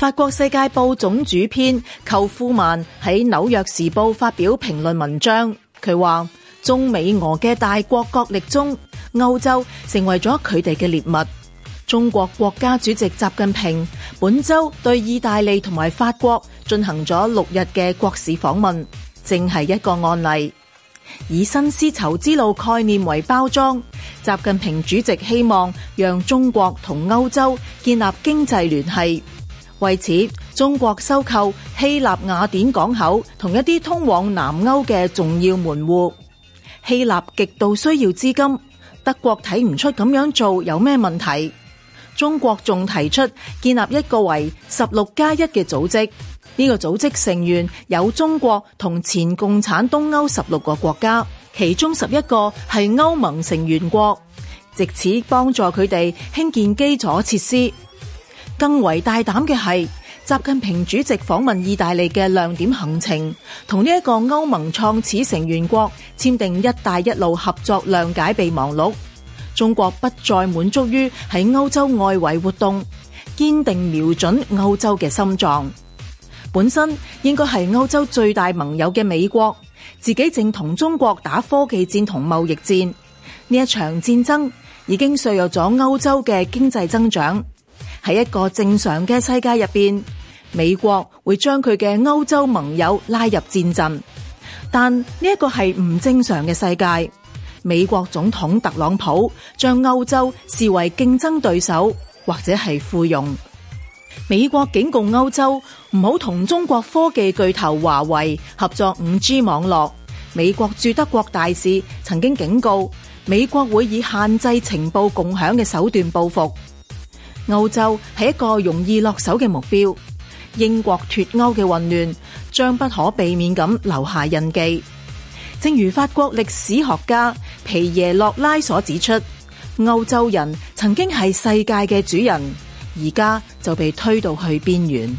法國世界報總主編蔻夫曼喺《在紐約時報》發表評論文章，佢話中美俄嘅大國角力中，歐洲成為咗佢哋嘅獵物。中國國家主席習近平本周對意大利同埋法國進行咗六日嘅國事訪問，正係一個案例。以新絲綢之路概念為包裝，習近平主席希望讓中國同歐洲建立經濟聯繫。為此，中國收購希臘雅典港口同一啲通往南歐嘅重要門戶。希臘極度需要資金，德國睇唔出咁樣做有咩問題。中國仲提出建立一個為十六加一嘅組織，呢個組織成員有中國同前共產東歐十六個國家，其中十一個係歐盟成員國，借此幫助佢哋興建基礎設施。更為大膽嘅係，習近平主席訪問意大利嘅亮點行程，同呢一個歐盟創始成員國簽訂“一帶一路”合作諒解備忘錄。中國不再滿足於喺歐洲外圍活動，堅定瞄準歐洲嘅心臟。本身應該係歐洲最大盟友嘅美國，自己正同中國打科技戰同貿易戰，呢一場戰爭已經削弱咗歐洲嘅經濟增長。喺一個正常嘅世界入邊，美國會將佢嘅歐洲盟友拉入戰陣，但呢一個係唔正常嘅世界。美國總統特朗普將歐洲視為競爭對手，或者係附庸。美國警告歐洲唔好同中國科技巨頭華為合作五 G 網絡。美國駐德國大使曾經警告，美國會以限制情報共享嘅手段報復。.歐洲係一個容易落手嘅目標，英國脫歐嘅混亂，將不可避免咁留下印記。正如法國歷史學家皮耶諾拉所指出，歐洲人曾經係世界嘅主人，而家就被推到去邊緣。